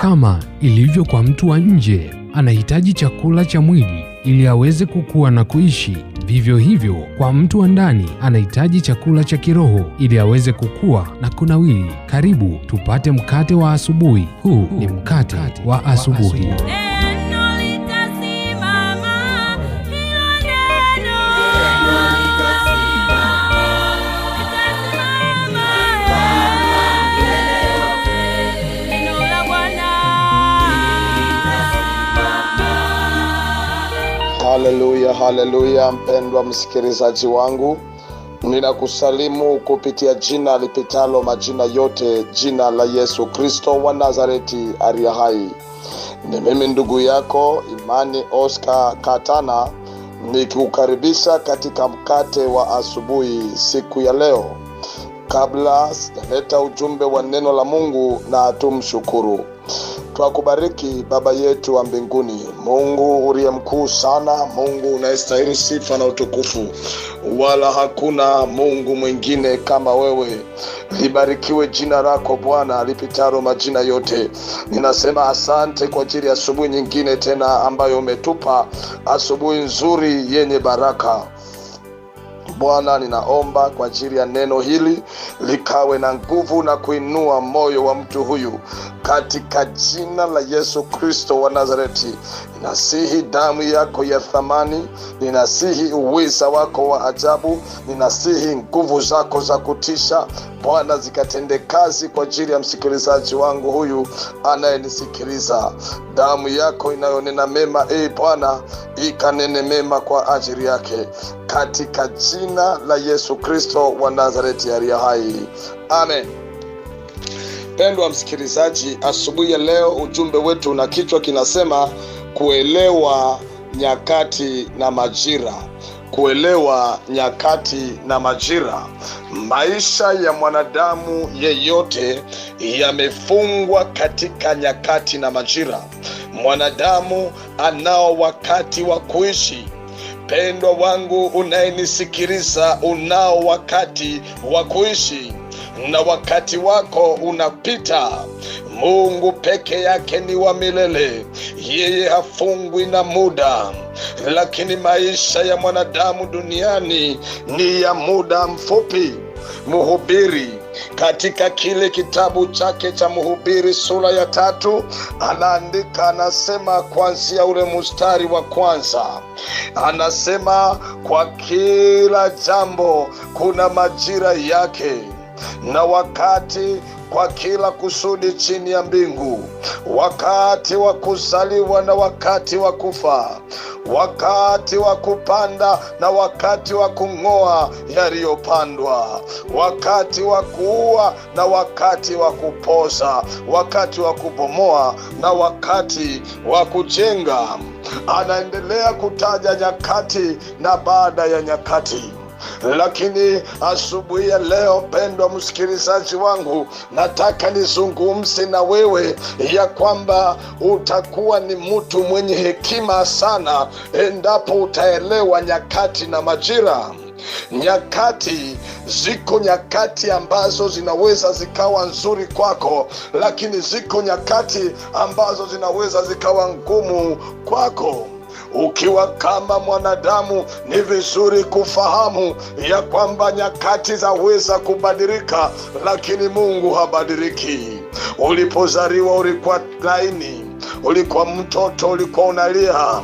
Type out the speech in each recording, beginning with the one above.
Kama ilivyo kwa mtu wa nje, anahitaji chakula cha mwili ili aweze kukua na kuishi. Vivyo hivyo kwa mtu wa ndani anahitaji chakula cha kiroho ili aweze kukua na kunawili. Karibu tupate mkate wa asubuhi. Huu ni mkate wa asubuhi. haleluya mpendwa msikilizaji wangu ninakusalimu kupitia jina lipitalo majina yote jina la yesu kristo wa nazareti aria hai ni mimi ndugu yako imani oscar katana nikiukaribisha katika mkate wa asubuhi siku ya leo kabla sijaleta ujumbe wa neno la mungu na tumshukuru Twakubariki Baba yetu wa mbinguni, Mungu uliye mkuu sana, Mungu unayestahili sifa na utukufu, wala hakuna Mungu mwingine kama wewe. Libarikiwe jina lako Bwana lipitaro majina yote. Ninasema asante kwa ajili ya asubuhi nyingine tena ambayo umetupa, asubuhi nzuri yenye baraka. Bwana, ninaomba kwa ajili ya neno hili likawe na nguvu na kuinua moyo wa mtu huyu katika jina la Yesu Kristo wa Nazareti. Ninasihi damu yako ya thamani, ninasihi uweza wako wa ajabu, ninasihi nguvu zako za kutisha Bwana zikatende kazi kwa ajili ya msikilizaji wangu huyu anayenisikiliza. Damu yako inayonena mema, ei ee Bwana, ikanene mema kwa ajili yake, katika jina la Yesu Kristo wa Nazareti aliye hai, amen. pendwa msikilizaji, asubuhi ya leo ujumbe wetu na kichwa kinasema kuelewa nyakati na majira kuelewa nyakati na majira. Maisha ya mwanadamu yeyote yamefungwa katika nyakati na majira. Mwanadamu anao wakati wa kuishi. pendwa wangu unayenisikiliza, unao wakati wa kuishi na wakati wako unapita. Mungu peke yake ni wa milele yeye hafungwi na muda, lakini maisha ya mwanadamu duniani ni ya muda mfupi. Mhubiri katika kile kitabu chake cha Mhubiri sura ya tatu anaandika, anasema kuanzia ule mustari wa kwanza, anasema kwa kila jambo kuna majira yake na wakati kwa kila kusudi chini ya mbingu, wakati wa kuzaliwa na wakati wa kufa, wakati wa kupanda na wakati wa kung'oa yaliyopandwa, wakati wa kuua na wakati wa kupoza, wakati wa kubomoa na wakati wa kujenga. Anaendelea kutaja nyakati na baada ya nyakati lakini asubuhi ya leo, pendwa msikilizaji wangu, nataka nizungumze na wewe ya kwamba utakuwa ni mtu mwenye hekima sana endapo utaelewa nyakati na majira. Nyakati ziko nyakati ambazo zinaweza zikawa nzuri kwako, lakini ziko nyakati ambazo zinaweza zikawa ngumu kwako. Ukiwa kama mwanadamu, ni vizuri kufahamu ya kwamba nyakati zaweza kubadilika, lakini Mungu habadiliki. Ulipozaliwa ulikuwa laini ulikuwa mtoto, ulikuwa unalia,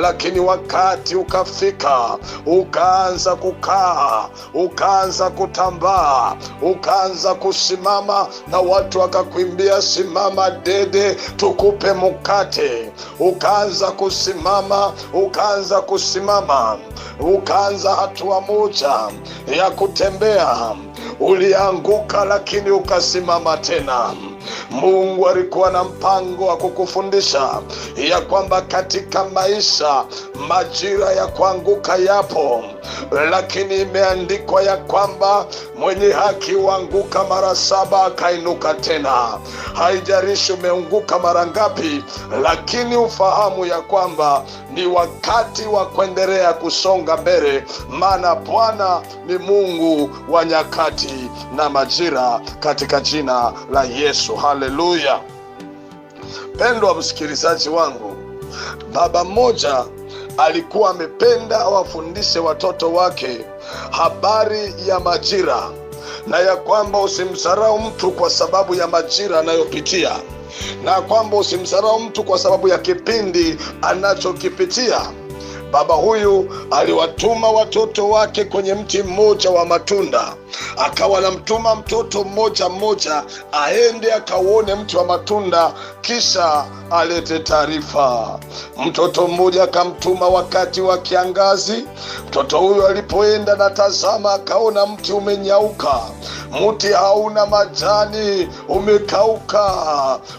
lakini wakati ukafika, ukaanza kukaa, ukaanza kutambaa, ukaanza kusimama, na watu wakakwimbia simama dede, tukupe mkate. Ukaanza kusimama, ukaanza kusimama, ukaanza hatua moja ya kutembea. Ulianguka, lakini ukasimama tena. Mungu alikuwa na mpango wa kukufundisha ya kwamba katika maisha majira ya kuanguka yapo, lakini imeandikwa ya kwamba mwenye haki huanguka mara saba akainuka tena. Haijarishi umeanguka mara ngapi, lakini ufahamu ya kwamba ni wakati wa kuendelea kusonga mbele, maana Bwana ni Mungu wa nyakati na majira, katika jina la Yesu. Haleluya! Pendwa msikilizaji wangu, baba mmoja alikuwa amependa awafundishe watoto wake habari ya majira na ya kwamba usimsarau mtu kwa sababu ya majira anayopitia na kwamba usimsarau mtu kwa sababu ya kipindi anachokipitia. Baba huyu aliwatuma watoto wake kwenye mti mmoja wa matunda, akawa anamtuma mtoto mmoja mmoja aende akauone mti wa matunda, kisha alete taarifa. Mtoto mmoja akamtuma wakati wa kiangazi. Mtoto huyo alipoenda na tazama, akaona mti umenyauka, mti hauna majani, umekauka,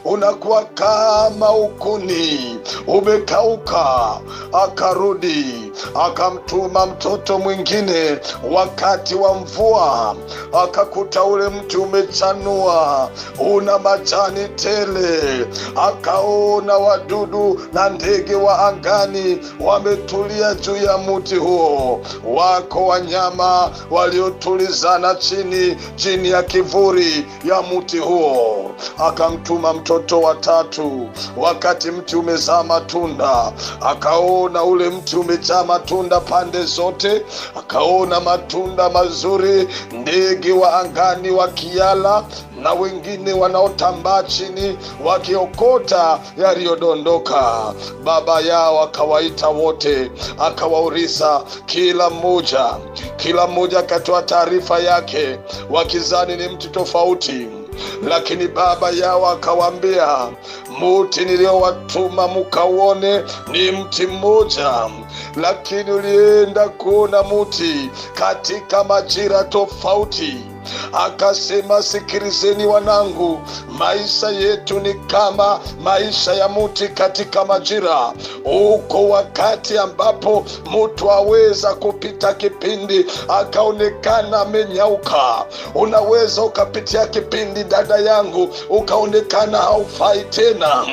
unakuwa kama ukuni, umekauka. Akarudi Rudy. akamtuma mtoto mwingine wakati wa mvua, akakuta ule mti umechanua, una majani tele, akaona wadudu na ndege wa angani wametulia juu ya muti huo. Wako wanyama waliotulizana chini chini ya kivuli ya muti huo. Akamtuma mtoto watatu wakati mti umezaa matunda, akaona ule mti umejaa matunda pande zote, akaona matunda mazuri, ndege wa angani wakiala na wengine wanaotambaa chini wakiokota yaliyodondoka. Baba yao akawaita wote, akawaurisa kila mmoja. Kila mmoja akatoa taarifa yake, wakizani ni mtu tofauti lakini baba yao akawaambia, muti niliyowatuma mukauone ni mti mmoja lakini ulienda kuona muti katika majira tofauti akasema, sikilizeni wanangu, maisha yetu ni kama maisha ya muti katika majira. Uko wakati ambapo mtu aweza kupita kipindi akaonekana amenyauka. Unaweza ukapitia kipindi, dada yangu, ukaonekana haufai tena,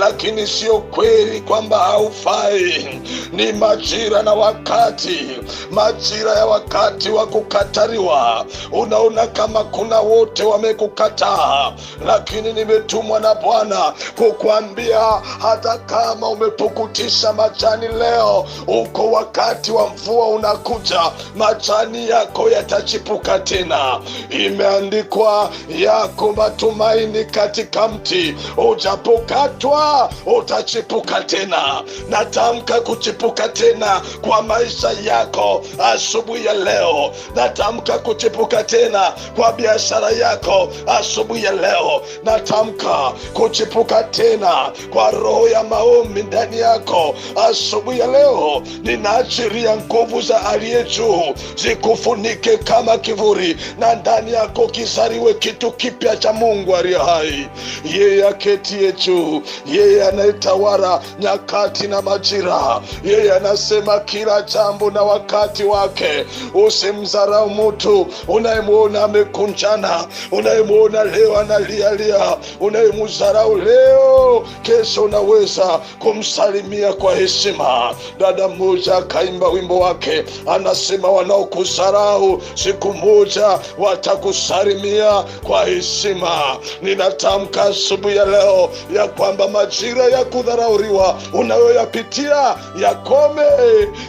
lakini sio kweli kwamba haufai. Ni majira na wakati, majira ya wakati wa kukataliwa unao Unaona kama kuna wote wamekukataa, lakini nimetumwa na Bwana kukuambia hata kama umepukutisha majani leo, uko wakati wa mvua unakuja, majani yako yatachipuka tena. Imeandikwa yako matumaini katika mti, ujapokatwa utachipuka tena. Natamka kuchipuka tena kwa maisha yako asubuhi ya leo, natamka kuchipuka tena tena kwa biashara yako asubuhi ya leo. Natamka kuchipuka tena kwa roho ya maumi ndani yako asubuhi ya leo. Ninaachiria nguvu za aliye juu zikufunike kama kivuri na ndani yako kisariwe kitu kipya cha Mungu aliye hai, yeye aketie juu, yeye anayetawara nyakati na majira, yeye anasema kila jambo na wakati wake. Usimdharau mutu unayemu unayemwona amekunjana, unayemwona leo analialia, unayemudharau leo, kesho unaweza kumsalimia kwa heshima. Dada mmoja akaimba wimbo wake, anasema wanaokudharau siku moja watakusalimia kwa heshima. Ninatamka asubuhi ya leo ya kwamba majira ya kudharauriwa unayoyapitia yakome.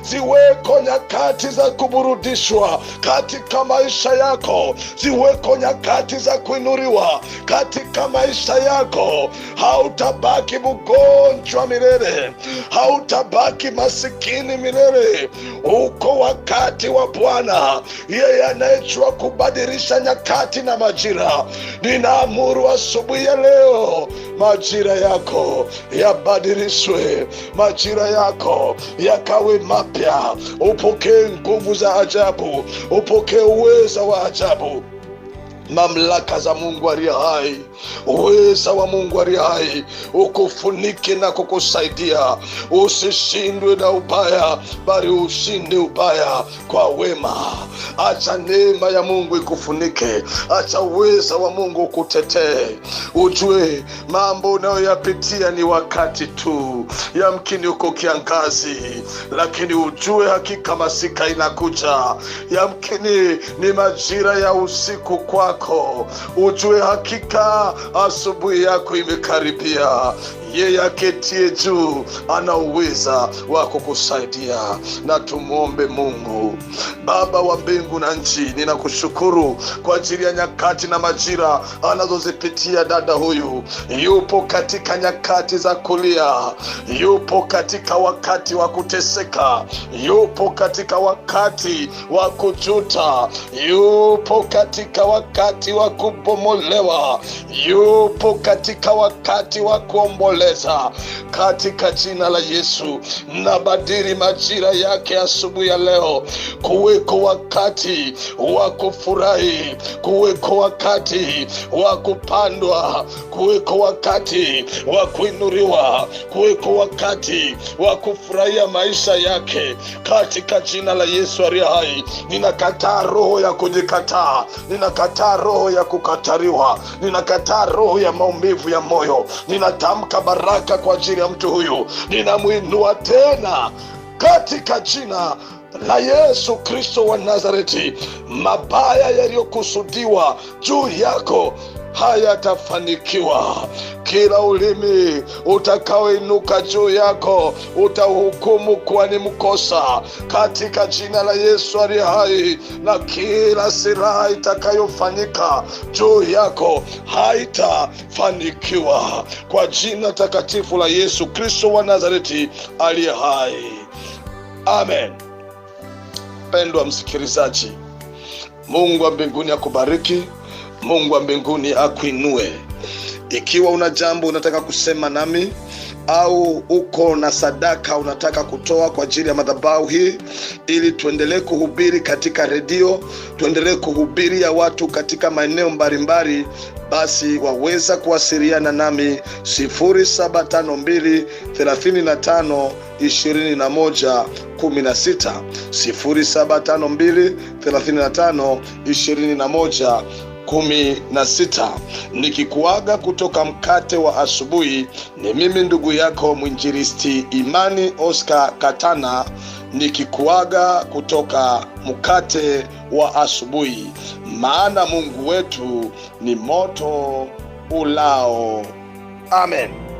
Ziweko nyakati za kuburudishwa katika maisha yako ziweko nyakati za kuinuliwa katika maisha yako. Hautabaki mgonjwa milele, hautabaki masikini milele. Uko wakati wa Bwana, yeye anayejua kubadilisha nyakati na majira. Ninaamuru asubuhi ya leo majira yako yabadilishwe, majira yako yakawe mapya. Upokee nguvu za ajabu, upokee uweza wa ajabu acabou. mamlaka za Mungu aliye hai, uweza wa Mungu aliye hai ukufunike na kukusaidia. Usishindwe na ubaya, bali ushinde ubaya kwa wema. Acha neema ya Mungu ikufunike, acha uweza wa Mungu ukutetee. Ujue mambo unayoyapitia ni wakati tu, yamkini uko kiangazi, lakini ujue hakika masika inakuja, yamkini ni majira ya usiku kwako yako, ujue hakika asubuhi yako imekaribia yeye aketie juu ana uweza wa kukusaidia. Na tumwombe Mungu. Baba wa mbingu na nchi, ninakushukuru kwa ajili ya nyakati na majira anazozipitia dada huyu. Yupo katika nyakati za kulia, yupo katika wakati wa kuteseka, yupo katika wakati wa kujuta, yupo katika wakati wa kubomolewa, yupo katika wakati wa kuombolewa kuleta katika jina la Yesu. Nabadili majira yake asubuhi ya leo, kuweko wakati wa kufurahi, kuweko wakati wa kupandwa, kuweko wakati wa kuinuliwa, kuweko wakati wa kufurahia maisha yake katika jina la Yesu aliye hai. Ninakataa roho ya kujikataa, ninakataa roho ya kukatariwa, ninakataa roho ya maumivu ya moyo, ninatamka baraka kwa ajili ya mtu huyu, ninamwinua tena katika jina la Yesu Kristo wa Nazareti. Mabaya yaliyokusudiwa juu yako hayatafanikiwa. Kila ulimi utakaoinuka juu yako utahukumu kuwa ni mkosa, katika jina la Yesu ali hai, na kila silaha itakayofanyika juu yako haitafanikiwa kwa jina takatifu la Yesu Kristo wa Nazareti aliye hai, amen. Mpendwa msikilizaji, Mungu wa mbinguni akubariki. Mungu wa mbinguni akuinue. Ikiwa una jambo unataka kusema nami au uko na sadaka unataka kutoa kwa ajili ya madhabahu hii, ili tuendelee kuhubiri katika redio, tuendelee kuhubiria watu katika maeneo mbalimbali, basi waweza kuwasiliana nami 0752 35 kumi na sita nikikuaga kutoka mkate wa asubuhi. Ni mimi ndugu yako mwinjiristi Imani Oscar Katana nikikuaga kutoka mkate wa asubuhi, maana Mungu wetu ni moto ulao. Amen.